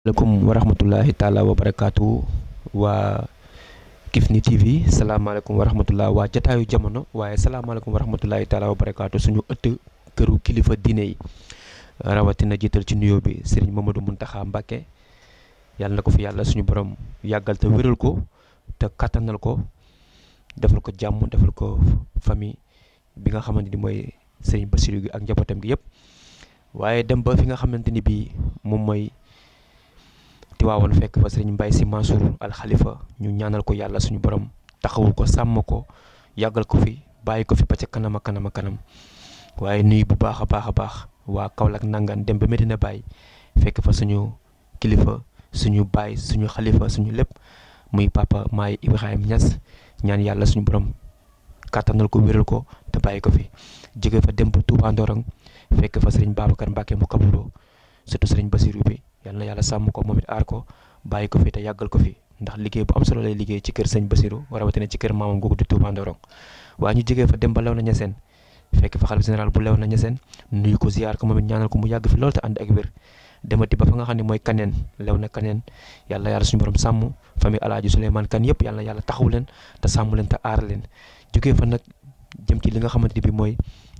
Assalamualaikum warahmatullahi taala wabarakatuh wa kifni TV assalamualaikum TV wa jotaayu jamono wa assalamualaikum wa taala wabarakatuh suñu eut keuru kilifa diine yi na jiital ci nuyo bi Serigne Mamadou Muntaxa mbake yalla nako fi yalla suñu borom yagal te wéral ko te katanal ko defal ko jamm defal ko fami bi nga xamanteni moy Serigne wa gi ak njabotam gi yépp waye dem ba fi nga xamanteni bi mom moy tiwaawoon fekk fa sëriñ Mbaye si Mansour al Khalifa ñu ñaanal ko yàlla suñu borom taxawu ko sàmm ko yàggal ko fi bàyyi ko fi ba ca kanam a kanam a kanam waaye nuyu bu baax a baax a baax waa Kaolack dem ba Medina Baye fekk fa suñu kilifa suñu baay suñu xalifa suñu lépp muy papa mai Ibrahima Niass ñaan yàlla suñu borom kàttanal ko wéral ko te bàyyi ko fi jóge fa dem ba Touba Ndorong fekk fa sëriñ Babacar Mbacke mu kabuloo surtout Basirou yal yàlla sàmm ko moom it aar ko bàyyi ko fi te yàggal ko fi ndax liggéey bu am solo lay liggéey ci kër sëñ Basirou rawatina ci kër maamam googu di Touba Ndorong waaye ñu jegee fa dem ba Léona Niassène fekk fa xalif général bu Léona Niassène nuyu ko ziar ko moom it ñaanal ko mu yàgg fi loolu te ànd ak wér demati ba fa nga xam ne mooy kaneen Léona kaneen yàlla yàlla suñu borom sàmm famille alaaji Souleymane kan yëpp yàlla yàlla taxaw leen te sàmm leen te aar leen jógee fa nag jëm ci li nga xamante ne bi mooy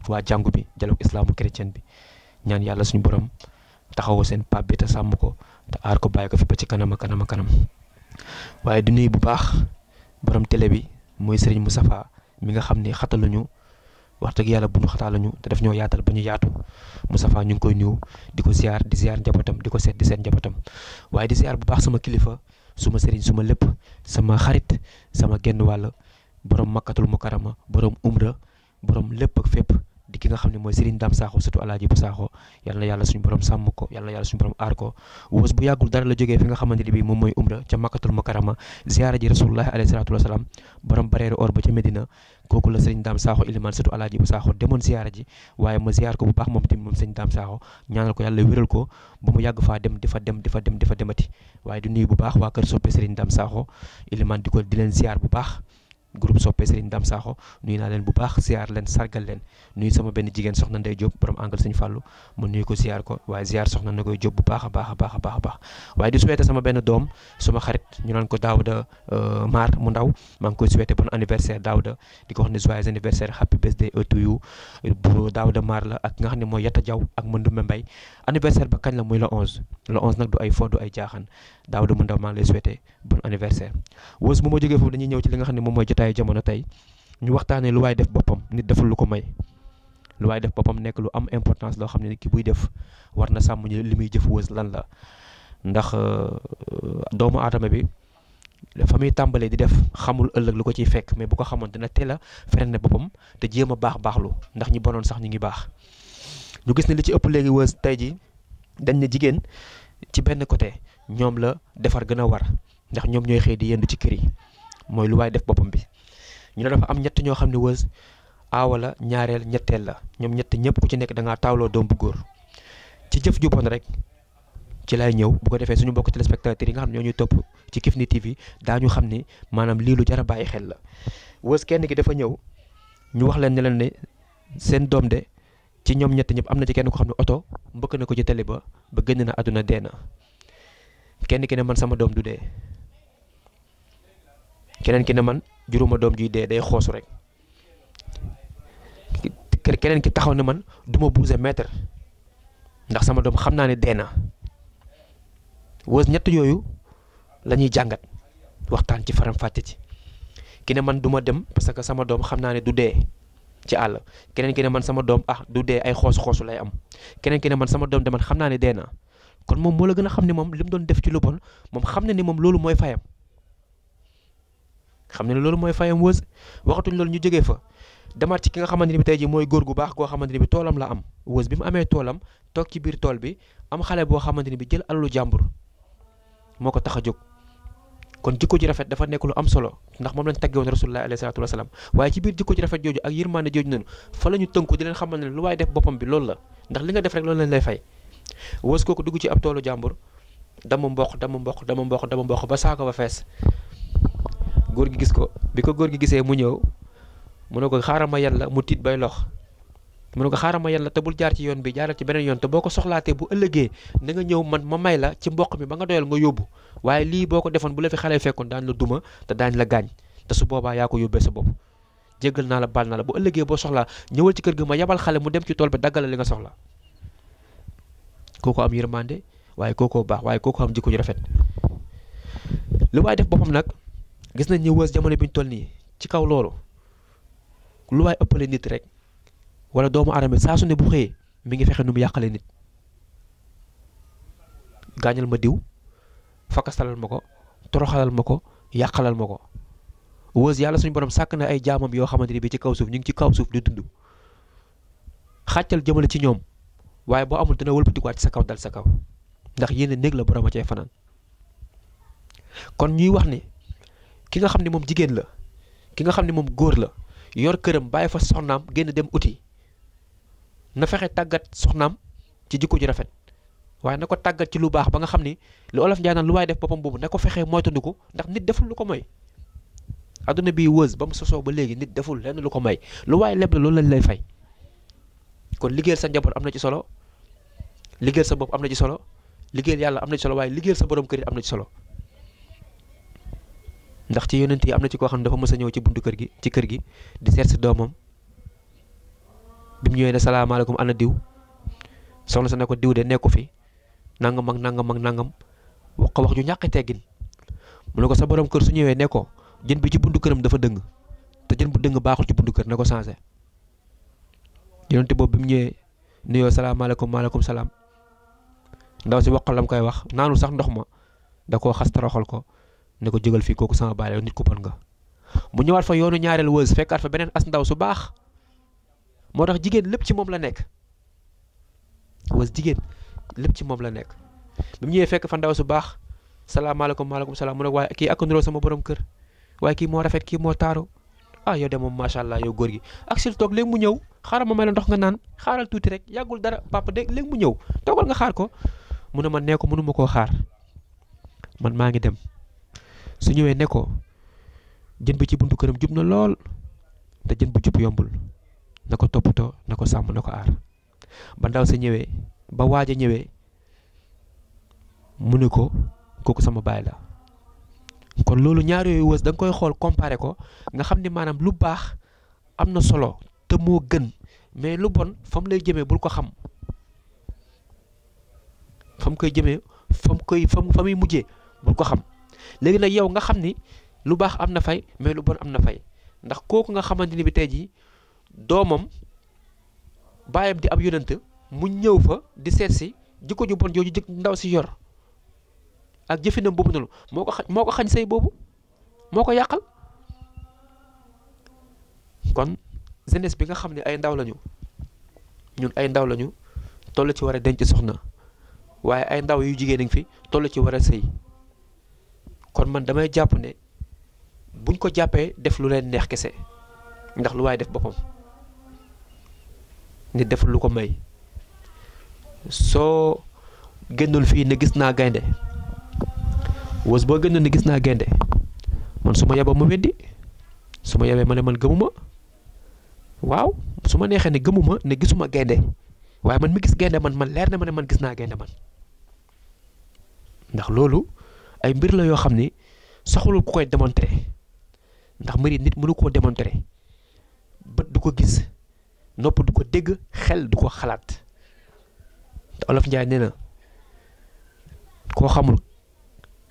waa jàngu bi dialogue islamo chrétien bi ñaan yàlla suñu borom taxawu seen pap bi te sàmm ko te aar ko bàyyi ko fi ba ci kanam a kanam waaye di bu baax borom télé bi mooy Serigne Moustapha mi nga xam ne xataluñu wax dëgg yàlla bu ñu xataluñu te daf ñoo yaatal ba ñu yaatu Moustapha ñu ngi koy nuyu di ko ziar di ziar njabootam di ko seet di seet njabootam waaye di ziar bu baax sama kilifa suma Serigne suma lépp sama xarit sama genn wàll borom mu mukarama borom umra borom lépp ak fépp. di ki nga xam ne mooy Serigne Dame Sakho surtout Alaaji bu Sakho yal na yàlla suñu borom sàmm ko yàlla suñu borom aar ko wës bu yàggul dara la jógee fi nga xamante ne bii moom mooy umra ca makkatul mukarama ziyaara ji rasulullahi alayhi salaatu wasalaam borom bareeru or ba ca Medina kooku Alaaji bu Sakho demoon ziyaara ji waaye ma ziyaar ko bu baax moom tamit moom Serigne Dame Sakho ñaanal ko yàlla wéral ko ba mu yàgg faa dem di fa dem di fa dem di fa demati waaye di nuyu bu baax waa kër soppe Serigne Dame Sakho iliman di bu baax groupe soppe Serigne Dame Sakho nuyu naa leen bu baax ziar leen sargal leen nuyu sama benn jigéen soxna Ndeye Diop borom angle Serigne Fallou ma nuyu ko ziar ko waaye ziar soxna na koy bu baax a baax a baax a a waaye di souhaité sama benn doom suma xarit ñu naan ko Daouda euh, Mar mu ndaw maa nga xam ne mooy Yatta Diaw ak Mandoumbe Mbaye anniversaire ba kañ la muy le 11 le 11 nag du ay fo du ay jaaxaan Daouda mu ndaw maa ngi lay souhaité bon anniversaire jotaayu jamono tey ñu waxtaanee lu waay def boppam nit deful lu ko may lu waay def boppam nekk lu am importance loo xam ne ki buy def war na sàmm ñu li muy jëf wës lan la ndax euh, doomu aadama bi fa muy tàmbalee di def xamul ëllëg lu ko ciy fekk mais bu ko xamoon dina teel a freiné boppam te jéem a baax baaxlu ndax ñi bonoon sax ñu ngi baax ñu gis ne li ci ëpp léegi wës tey ji dañ ne jigéen ci benn côté ñoom la defar gën a war ndax ñoom ñooy xëy di yendu ci kër yi mooy lu waay def boppam bi ñu ne dafa am ñett ñoo xam ne wëz aawa la ñaareel ñetteel la ñoom ñett ñëpp ku ci nekk da ngaa taawloo doom bu góor ci jëf ju bon rek ci lay ñëw bu ko defee suñu mbokk téléspectateurs yi nga xam ne ñoo ñuy topp ci Kifne TV daañu xam ne maanaam lii lu jar a bàyyi xel la wëz kenn ki dafa ñëw ñu wax leen ne leen ne seen doom de ci ñoom ñett ñëpp am na ci kenn ko xam ne oto mbëkk na ko ci tali ba ba génn na àdduna dee na kenn ki ne man sama doom du dee keneen ki ne man juróoma doom juy dee day xoosu rek keneen ki taxaw ne man du ma bouger mètre ndax sama doom xam naa ne dee na wës ñett yooyu la ñuy jàngat waxtaan ci faram-fàcce ci ki ne man du ma dem parce que sama doom xam naa ne du dee ci àll keneen ki ne man doom ah du dee ay xoos-xoosu lay am keneen ki ne man sama doom de xam naa ne dee na kon moom moo la gën a xam ne moom li doon def ci lu bon moom xam na ni moom loolu mooy fayam. xam ne loolu mooy fayam wës waxatuñ loolu ñu jógee fa demaat ki nga xamante ne bi tey ji mooy góor gu baax goo xamante ne bi toolam la am wës bi mu amee toolam toog ci biir tool bi am xale boo xamante ne bi jël alalu jàmbur moo ko tax a jóg kon jikko ji rafet dafa nekk lu am solo ndax moom lañ tagge woon rasulullah alayhi salatu wasalaam waaye ci biir jikko ji rafet jooju ak yërmande jooju noonu fa la ñu tënku di leen xamal ne lu waay def boppam bi loolu la ndax li nga def rek loolu lañ lay fay wës kooku dugg ci ab toolu jàmbur dama mboq dama mboq dama mboq dama mboq ba saako ba fees góor gi gis ko bi ko góor gi gisee mu ñëw mu ne ko xaaral ma yan la mu tiit bay lox mu ne ko xaaral ma yan la te bul jaar ci yoon bi jaaral ci beneen yoon te boo ko soxlaatee bu ëllëgee na nga ñëw man ma may la ci mboq mi ba nga doyal nga yóbbu waaye lii boo ko defoon bu la fi xale fekkoon daan la duma te daañ la gaañ te su boobaa yaa ko yóbbee sa bopp jéggal naa la baal naa la bu ëllëgee boo soxlaa ñëwal ci kër gi ma yabal xale mu dem ci tool bi daggala li nga soxla kooko am waaye kookoo baax waaye kooko am jikko ju rafet lu waay gis nañ ni wës jamono bi ñu toll nii ci kaw loolu lu waay ëppale nit rek wala doomu aadama saa su ne bu xëyee mi ngi fexe nu mu yàqale nit gaañal ma diw fakkasalal ma ko toroxalal ma ko yàqalal ma ko wës yàlla suñu borom sàkk na ay jaamam yoo xamante ni bi ci kaw suuf ñu ngi ci kaw suuf di dund xàccal jëmale ci ñoom waaye boo amul dana wëlbatikuwaat ci sa kaw dal sa kaw ndax yéen néeg la borom a cay fanaan kon ñuy wax ni ki nga xam ne moom jigéen la ki nga xam ne moom góor la yor këram bàyyi fa soxnaam génn dem uti na fexe tàggat soxnaam ci jikko ju rafet waaye na ko tàggat ci lu baax ba nga xam ni lu olof njaay lu waay def boppam boobu na ko fexe moytandiku ndax nit deful lu ko moy adduna bi wës ba mu sosoo ba léegi nit deful lenn lu ko may lu waaye leb la loolu lañ lay fay kon liggéeyal sa njaboot am na ci solo liggéeyal sa bopp am na ci solo liggéeyal yàlla am na solo waaye liggéeyal sa borom kër am na ci solo ndax ci yonent yi amna ci ko xamne dafa mësa ñëw ci buntu kër gi ci kër gi di sét ci domam bimu mu na salam alaykum ana diw soxna sa ne diw de nekku fi nangam ak nangam ak nangam wax ko wax ju ñàkk teggin mu ne ko sa borom kër su ñëwee ne jën bi ci buntu kërëm dafa dëng te jën bu dëng baaxul ci buntu kër na ko yonent bob bimu mu nuyo salam alaykum alaykum salam ndaw ci waxalam koy wax nanu sax ndox ma da koo xas ko ne ko jëgal fi kooku sama baale nit ku bon nga mu ñëwaat fa yoonu ñaareel wëz fekkaat fa beneen as ndaw su baax moo tax jigéen lépp ci moom la nekk wëz jigéen lépp ci moom la nekk bi mu ñëwee fekk fa ndaw su baax salaamaaleykum maaleykum salaam mu ne waaye kii ak nuroo sama borom kër waaye kii moo rafet kii moo taaru ah yow de moom macha allah yow góor gi ak sil toog léegi mu ñëw xaaral ma may la ndox nga naan xaaral tuuti rek yàggul dara papa de léegi mu ñëw toogal nga xaar ko mu ne man nee ko mënuma koo xaar man maa ngi dem su ñëwee ne ko jën bi ci buntu këram jub na lool te jën bu jub yombul na ko toppatoo na ko sàmm na ko aar ba sa ñëwee ba waaj a ñëwee mu ne ko kooku sama baay la kon loolu ñaar yooyu wës da koy xool comparé ko nga xam ni maanaam lu baax am na solo te moo gën mais lu bon fa mu lay jëmee bul ko xam fa mu koy jëmee fa koy fa mu fa muy mujjee bul ko xam léegi nag yow nga xam ni lu baax am na fay mais lu bon am na fay ndax kooku nga xamante ni bi tey jii doomam baayam di ab yonent mu ñëw fa di seet si jikko ju bon jooju jëkk ndaw si yor ak jëfinam boobu noonu moo ko moo ko xañ say boobu moo ko yàqal kon jeunesse bi nga xam ne ay ndaw lañu ñun ay ndaw lañu toll ci war a denc soxna waaye ay ndaw yu jigéen ngi fi toll ci war a sëy kon man damay jàpp ne buñ ko jàppee def lu leen neex kese ndax lu waaye def boppam ni def lu ko may soo génnul fii ne gis naa gaynde was boo génnul ne gis naa gaynde man su ma yeboo ma weddi su ma yebee ma ne man gëmuma waaw su ma neexee ne gëmuma ne gisuma gaynde waaye man mi gis gaynde man man leer na ma ne man gis naa gaynde man ndax loolu ay mbir la yoo xam ne soxlul ku koy demontere ndax mbir nit mënu koo démontrer bët du ko gis nopp du ko dégg xel du ko xalaat olof Njaay nee na koo xamul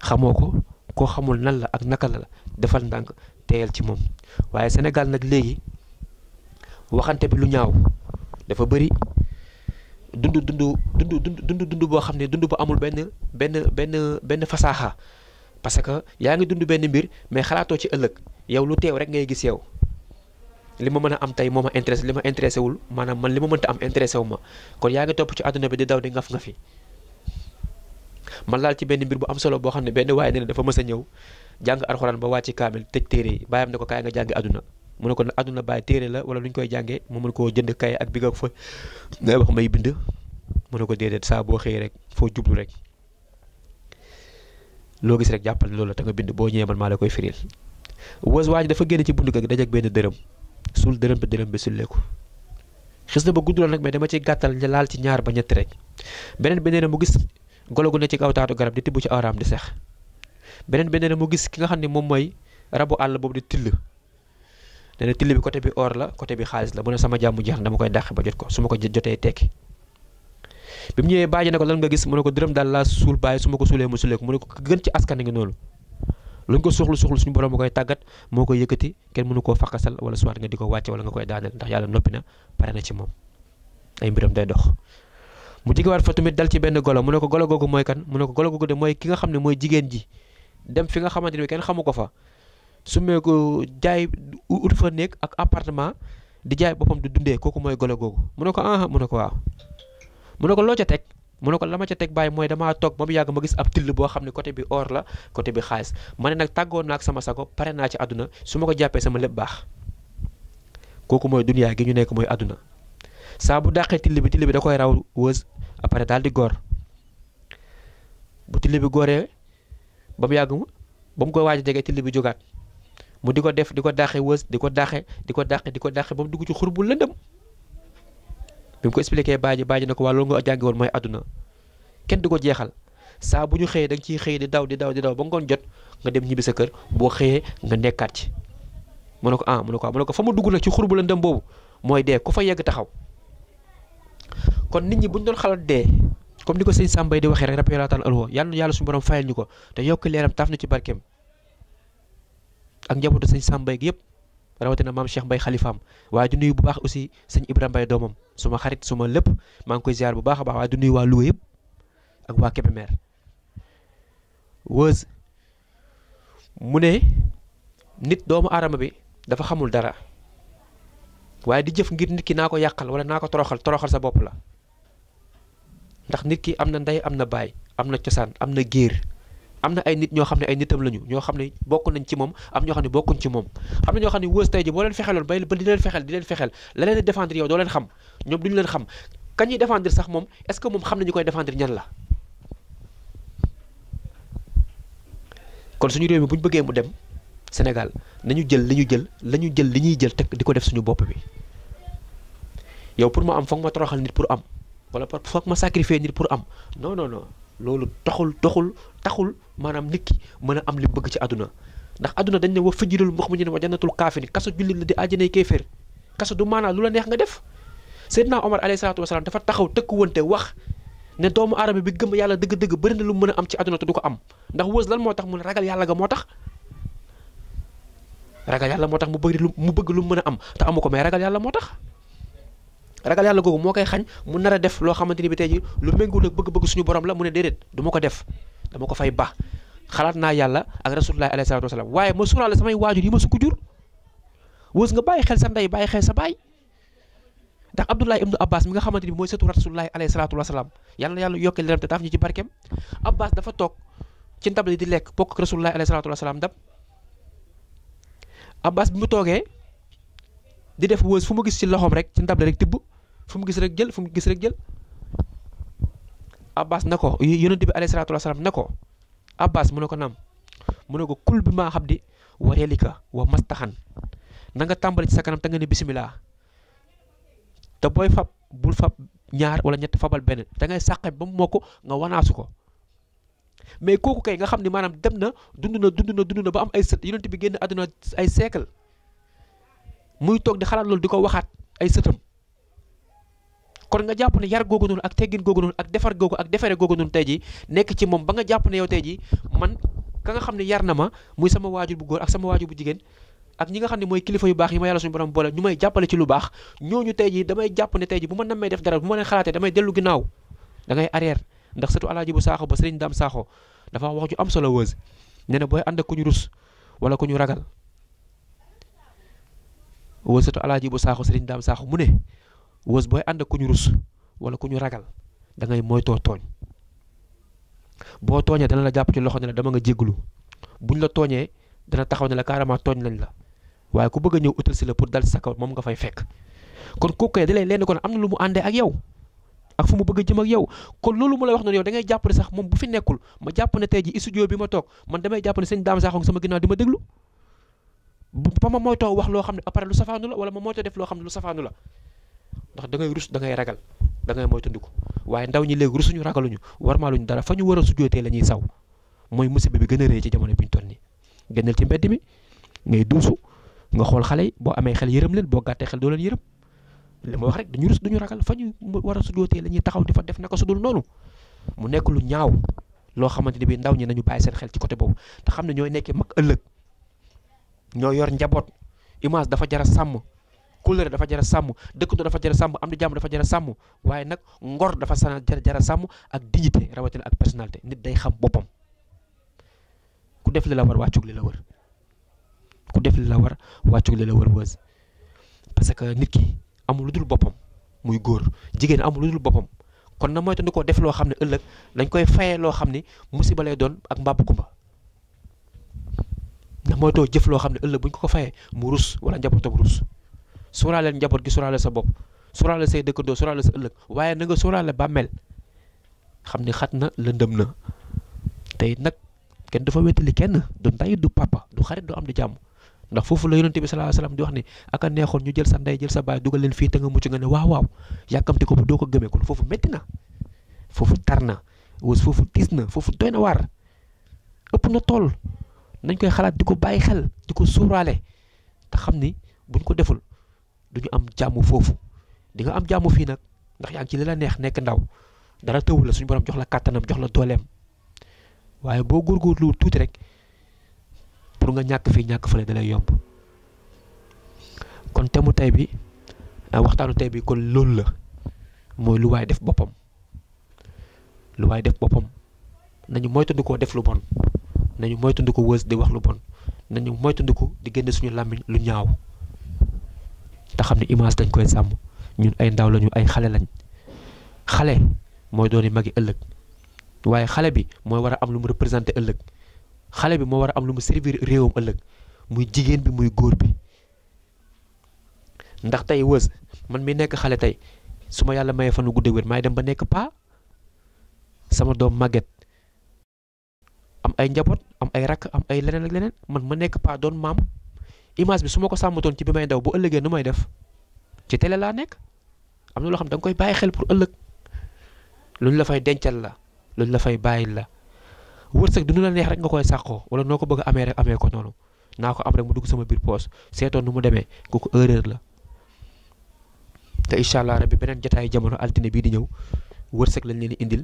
xamoo ko koo xamul nan la ak naka la la defal ndànk teyal ci moom waaye senegal nag léegi waxante bi lu ñaaw dafa bëri dund dund dund dund dund boo xam ne dund bu amul benn benn benn benn fasaaxa parce que yaa ngi dund benn mbir mais xalaatoo ci ëllëg yow lu teew rek ngay gis yow li ma mën a am tey moo ma li ma intéressé wul maanaam man li ma mënta am intéressé wu ma kon yaa ngi topp ci àdduna bi di daw di ngaf ngafi man laal ci benn mbir bu am solo boo xam ne benn waaye ne dafa mës a ñëw jàng arxuraan ba wàcc kaamil tëj téere yi bàyyam ne ko kaay nga jàngi àdduna mu ne ko nag àdduna bàyyi téere la wala lu ñu koy jàngee mu mën koo jënd kaye ak bi nga fa ngay wax may bind mu ne ko déedéet saa boo xëyee rek foo jublu rek loo gis rek jàppal loolu la te nga bind boo ñëwee maa la koy firil was waa dafa génn ci buntu ga dajeeg benn dërëm suul dërëm bi dërëm bi sulleeku xis na ba gudd lool dama ciy gàttal ñu laal ci ñaar ba ñett rek beneen bi nee mu gis golo gu ne ci kaw taatu garab di tibb ci araam di sex beneen bi nee mu gis ki nga xam ne moom mooy rabu àll boobu di till nee na till bi côté bi or la côté bi xaalis la bu a sama jàmm jeex na dama koy dàq ba jot ko su ma ko jotee tekki bi mu ñëwee bàyyi ne ko lan nga gis mu ne ko dërëm daal laa suul bàyyi su ma ko suulee mu suulee ko mu ne ko gën ci lu ñu ko suuxlu koy tàggat moo koy yëkkati kenn mënu koo faqasal wala soit nga di wàcce wala nga koy daaneel ndax yàlla noppi na pare na ci moom ay mbiram day dox mu jógewaat fa tamit dal ci benn golo mu ne ko golo googu mooy kan mu ne ko golo googu de mooy ki nga xam ne mooy jigéen ji dem fi nga xamante ni kenn xamu ko fa su mee ko jaay ut fa nekk ak appartement di jaay boppam di dundee kooku mooy golo googu mu ne ko ah mu ne ko waaw mu ne ko loo ca teg mu ne ko la ma ca teg bàyyi mooy damaa toog ba mu yàgg ma gis ab till boo xam ne côté bi or la côté bi xaalis ma ne nag tàggoon naa ak sama sago pare naa ci àdduna su ma ko jàppee sama baax kooku mooy duniyaa gi ñu nekk mooy àdduna saa bu dàqee till bi till da koy raw wës après daal di góor bu till bi góoree ba mu yàgg ba mu koy waaj a jege till bi jogaat mu di ko def di ko dàqe wës di ko dàqe di ko dàqe di ko dàqe ba mu dugg ci xur bu lëndëm bi mu ko expliqué baaji baaj na ko waa loolu nga jàngi mooy àdduna kenn du ko jeexal saa bu ñu xëyee da nga ciy xëy di daw di daw di daw ba ngoon jot nga dem ñibbi sa kër boo xëyee nga nekkaat ci mu ne ko ah mu ne ko ah mu ne ko fa mu dugg nag ci xur bu lëndëm boobu mooy dee ku fa yegg taxaw kon nit ñi bu ñu doon xalaat dee comme ni ko sëñ Samba di waxee rek rab yàlla taal alwa yàlla na yàlla ñu ko te yokk leeram taaf na ci barkeem ak njabootu sëñ Samba ak yëpp rawatina maam Cheikh mbay xalifaam waaye du nuyu bu baax aussi sëñ Ibrahima Mbaye doomam suma xarit suma lépp maa ngi koy ziar bu baax a baax waaye du nuyu waa Louga yëpp ak waa Kébémer Weuz mu ne nit doomu aadama bi dafa xamul dara waaye di jëf ngir nit ki naa ko yàqal wala naa ko toroxal toroxal sa bopp la ndax nit ki am na ndey am na baay am na cosaan am na géer am na ay nit ñoo xam ne ay nitam lañu ñoo xam ne bokk nañ ci moom am ñoo xam ne bokkuñ ci moom xam na ñoo xam ne wës tey ji boo leen fexeloon bay ba di leen fexel di leen fexel la leen défendre yow doo leen xam ñoom duñ leen xam kañ ñuy défendre sax moom est-ce que moom xam nañu koy défendre ñan la kon suñu réew mi buñ ñu bëggee mu dem Sénégal nañu jël li ñu jël la ñu jël li ñuy jël teg di ko def suñu bopp bi yow pour ma am foog ma toroxal nit pour am wala foog ma sacrifier nit pour am non non non loolu taxul taxul taxul maanaam nit mën a am li bëgg ci àdduna ndax àdduna dañ ne wa fëjjirul mbox mu ñu ne wa jannatul kaafiri kaso jullit la di àjjanay kéeféer kaso du maanaam lu la neex nga def Seydina Omar alayhi salaatu wasalaam dafa taxaw tëkkuwante wax ne doomu aadama bi gëm yàlla dëgg-dëgg bëri na lu mën a am ci àdduna te du ko am ndax wës lan moo tax mu ne ragal yàlla ga moo tax yàlla moo tax mu bëri lu mu bëgg lu mën a am te amu ko mais ragal yàlla moo tax ragal yalla googu mo koy xagn mu nara def lo xamanteni bi tayji lu mengul ak bëgg-bëgg suñu borom la mu ne dedet duma ko def dama ko fay ba xalaat na yalla ak rasulullah alayhi salatu wasalam waaye ma la samay wajur yi ma suku jur wos nga baye xel sa nday baye xel sa ndax abdullah ibnu abbas mi nga xamanteni moy mooy rasulullah alayhi salatu wasallam yalla yalla yokel leer ci barkem abbas dafa tok, ci beli dilek, di lek pok rasulullah alayhi salatu wasallam dab abbas bi mu di def wëss fu mu gis ci loxom rek ci ndab rek tibbu fu mu gis rek jël fu mu gis rek jël abbas nako ko bi alayhi salatu wassalam nako abbas mu nako nam mu nako kul bi ma xabdi wa helika wa mastahan na nga tàmbali ci sa kanam ta nga ni bisimilah ta boy fab bul fab ñaar wala ñett fabal ben da ngay saxé bam moko nga wanaasu ko mais koku kay nga xamni manam maanaam dem na dunduna ba am ay bi genn aduna ay siècle muy toog di xalaat loolu di ko waxaat ay sëtam kon nga jàpp ni yar googu noonu ak teggin googu noonu ak defar googu ak defare googu noonu tey ji nekk ci moom ba nga jàpp ne yow tey ji man ka nga xam ne yar na ma muy sama waajur bu góor ak sama waajur bu jigéen ak ñi nga xam ne mooy kilifa yu baax yi ma yàlla suñu borom boole ñu may jàppale ci lu baax ñooñu tey ji damay jàpp ne tey ji bu ma nammee def dara bu ma leen xalaatee damay dellu ginnaaw arrière ndax surtout alaaji bu saaxo ba sëriñ daam saaxo dafa wax ju am solo wëz nee na booy ànd ku ñu rus wala ku ñu ragal wësatu alaaji bu saaxu sëriñ daam saaxu mu ne wës booy ànd ku ñu rus wala ku ñu ragal da ngay moytoo tooñ boo tooñee dana la jàpp ci loxo ne la dama nga jégglu buñ la tooñee dana taxaw ne la carrément tooñ lañ la waaye ku bëgg a ñëw utal si la pour dal si sa kaw moom nga fay fekk kon kooku da lay leen kon am na lu mu àndee ak yow ak fu mu bëgg a jëm ak yow kon loolu mu lay wax noonu yow da ngay jàpp ne sax moom bu fi nekkul ma jàpp ne tey ji studio bi ma toog man damay jàpp ne sëñ daam saaxoog sama ginnaaw bu ma moytoo wax loo xam ne après lu safaanu la wala ma moytoo def loo xam ne lu safaanu la ndax da ngay rus da ragal dangay ngay moytandiku waaye ndaw ñi léegi rusuñu ragaluñu warmaaluñu dara fa ñu war a sujjootee la ñuy saw mooy musiba bi gën a rëy ci jamono bi ñu toll nii génnal ci mbedd mi ngay duusu nga xool xale yi boo amee xel yërëm leen boo gàttee xel doo leen yërëm li ma wax rek dañu rus duñu ragal fa ñu war a sujjootee la ñuy taxaw di fa def naka sudul noonu mu nekk lu ñaaw loo xamante ni bi ndaw ñi nañu bàyyi seen xel ci côté boobu te xam ne ñooy nekkee mag ëllëg ñoo yor njaboot image dafa jar a sàmm couleur dafa jar sàmm dëkkandoo dafa jar a sàmm am di jàmm dafa jar a sàmm waaye nag ngor dafa sana jar a sàmm ak dignité rawatina ak personnalité nit day xam boppam ku def li la war wàccug li la wër def li la war wàccug la wër wës parce que nit ki amul lu dul boppam muy góor jigéen amul lu dul boppam kon na moytandiku ko def loo xam ne ëllëg dañ koy fayee loo xam ne musiba lay doon ak mbàbbu kumba ndax mooy too jëf loo xam ne ëllëg buñ ko ko fayee mu rus wala njabootam rus sóoraale njaboot gi sóoraale sa bopp sóoraale say dëkkandoo la sa ëllëg waaye na nga sóoraale bàmmeel xam ne xat na lëndëm na tey nag kenn dafa wettali kenn du ndey du papa du xarit du am di jàmm ndax foofu la yonente bi salaa salaam di wax ni ak a neexoon ñu jël sa ndey jël sa baay dugal leen fii te nga mucc nga ne waaw waaw yàkkamti ko ba doo ko gëmee kon foofu metti na foofu tar na wës foofu tiis na foofu doy na waar ëpp na tool nañ koy xalaat di ko bàyyi xel di ko suuraale te xam ni buñ ko deful du ñu am jàmm foofu di nga am jàmm fii nag ndax yaa ngi ci li la neex nekk ndaw dara tëwu la suñu borom jox la kàttanam jox la dooleem waaye boo góor góorgóorlu tuuti rek pour nga ñàkk fii ñàkk fële danay yomb kon temu tey bi ah, waxtaanu tey bi kon loolu la mooy lu waay def boppam lu waay def boppam nañu moytandu koo def lu bon nañu moytandiku wës di wax lu bon nañu moytandiku di génne suñu làmmiñ lu ñaaw te xam ne image dañ koy sàmm ñun ay ndaw lañu ay xale lañ xale mooy doon magi ëllëg waaye xale bi mooy war a am lu mu représenté ëllëg xale bi moo war a am lu mu servir réewam ëllëg muy jigéen bi muy góor bi ndax tey wës man mi nekk xale tey su ma yàlla mayee fan wu guddee wér maay dem ba nekk paa sama doom màgget am ay njaboot am ay rakk am ay leneen ak leneen man ma nekk pas doon maam image bi su ma ko sàmmatoon ci bi may daw bu ëllëgee nu may def ci télé laa nekk am na loo xam da nga koy bàyyi xel pour ëllëg luñ la fay dencal la luñ la fay bàyyi la wërsëg du la neex rek nga koy sàqoo wala noo ko bëgg amee rek amee ko noonu naa ko am rek mu dugg sama biir poos seetoon nu mu demee kooku erreur la te incha allah rabbi beneen jotaayu jamono altine bii di ñëw wërsëg lañ leen indil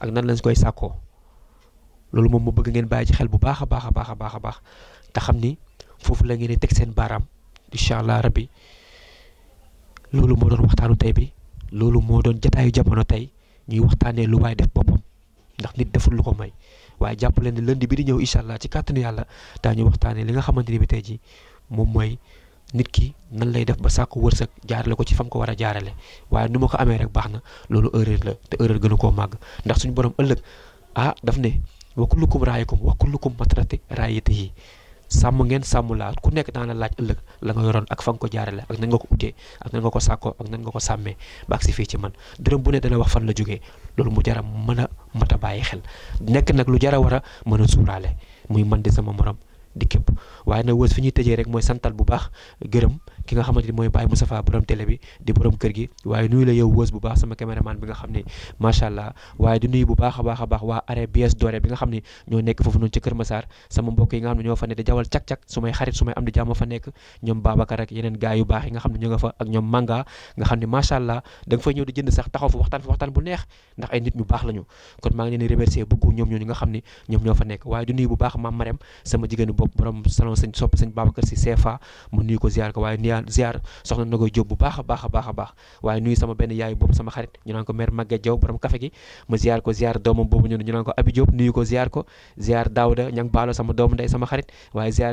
ak nan lañ koy sàkkoo loolu moom mu bëgg ngeen bàyyi ci xel bu baax a baax a baax a baax a baax te xam ni foofu la ngeen teg seen baaraam incha rabbi loolu moo doon waxtaanu tey bi loolu moo doon jataayu jamono tey ñuy waxtaanee lu waay def boppam ndax nit deful lu ko may waaye jàpp leen ne lundi bi di ñëw incha allah ci kàttanu yàlla daañu waxtaanee li nga xamante ni bi tey ji moom mooy nit ki nan lay def ba sàkku wërsëg jaarale ko ci fam ko war a jaarale waaye nu ma ko amee rek baax na erreur la te erreur gënu koo màgg ndax suñu borom ëllëg ah daf ne wa kullukum raayikum wa kullukum matrati raayatihi sàmm ngeen sàmm laa ku nekk daana laaj ëllëg la nga yoroon ak fa nga ko jaarale ak nan nga ko ubbee ak nan nga ko sàkkoo ak nan nga ko sàmmee ba ak si fii ci man dërëm bu ne dana wax fan la jógee loolu mu jara mën a mat a bàyyi xel nekk nag lu jara war a mën suuraale muy man di sama morom di képp waaye nag wës fi ñuy tëjee rek mooy santaal bu baax gërëm ki nga xamante ni mooy Baye Moustapha borom télé bi di borom kër gi waaye nuyu la yow wës bu baax sama caméraman bi nga xam ne macha allah waaye di nuyu bu baax a baax a baax waa arrêt BS Doré bi nga xam ne ñoo nekk foofu noonu ci Kër Massar sama mbokk yi nga xam ne ñoo fa ne di jawal cak-cak su xarit su may am di jàmm fa nekk ñoom Babacar ak yeneen gaay yu baax yi nga xam ne ñu nga fa ak ñoom Manga nga xam ne macha allah da nga fay ñëw di jënd sax taxaw fa waxtaan fa waxtaan bu neex ndax ay nit ñu baax lañu kon maa ngi leen di remercier beaucoup ñoom ñooñu nga xam ne ñoom ñoo fa nekk waaye di nuyu bu baax maam Marème sama jigéenu bopp borom salon sëñ sopp sëñ Babacar si CFA mu nuyu ko ziar ko waaye ziar ziar soxna Ndogo Diop bu a baax a a baax waaye nuyu sama benn yaay boobu sama xarit ñu naan ma ziar ko ziar doomam boobu ñu ñu naan ko Abi Diop nuyu ko ziar ko ziar Daouda ñang baalo sama doomu ndey sama xarit waaye ah,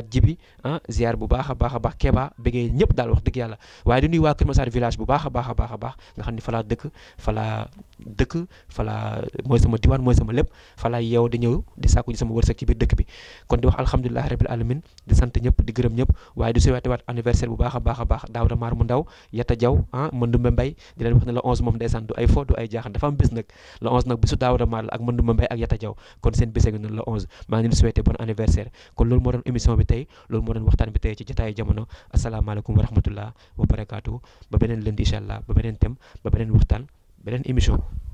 a a a a a diwaan mooy sama lépp falaa yow di ñëw di sàkku ji sama wërsëg ci biir dëkk bi kon di wax alhamdulilahi rabil alamin di sant ñëpp di gërëm ñëpp waaye di suwaate waat anniversaire bu a baax baax a baax Daawda Maar mu ndaw Yatta Jaw ah Mandumbe Mbay di leen wax ne la 11 moom ndeysaan du ay fo du ay jaaxan dafa am bis nag la 11 nag bisu Daawda Maar la ak Mandumbe Mbay ak Yatta Jaw kon seen bise noonu la 11 maa ngi leen souhaité bon anniversaire kon loolu moo doon émission bi tey loolu moo doon waxtaan bi tey ci jotaayu jamono asalaamaaleykum wa rahmatullah wa ba beneen lundi incha ba beneen thème ba beneen waxtaan beneen émission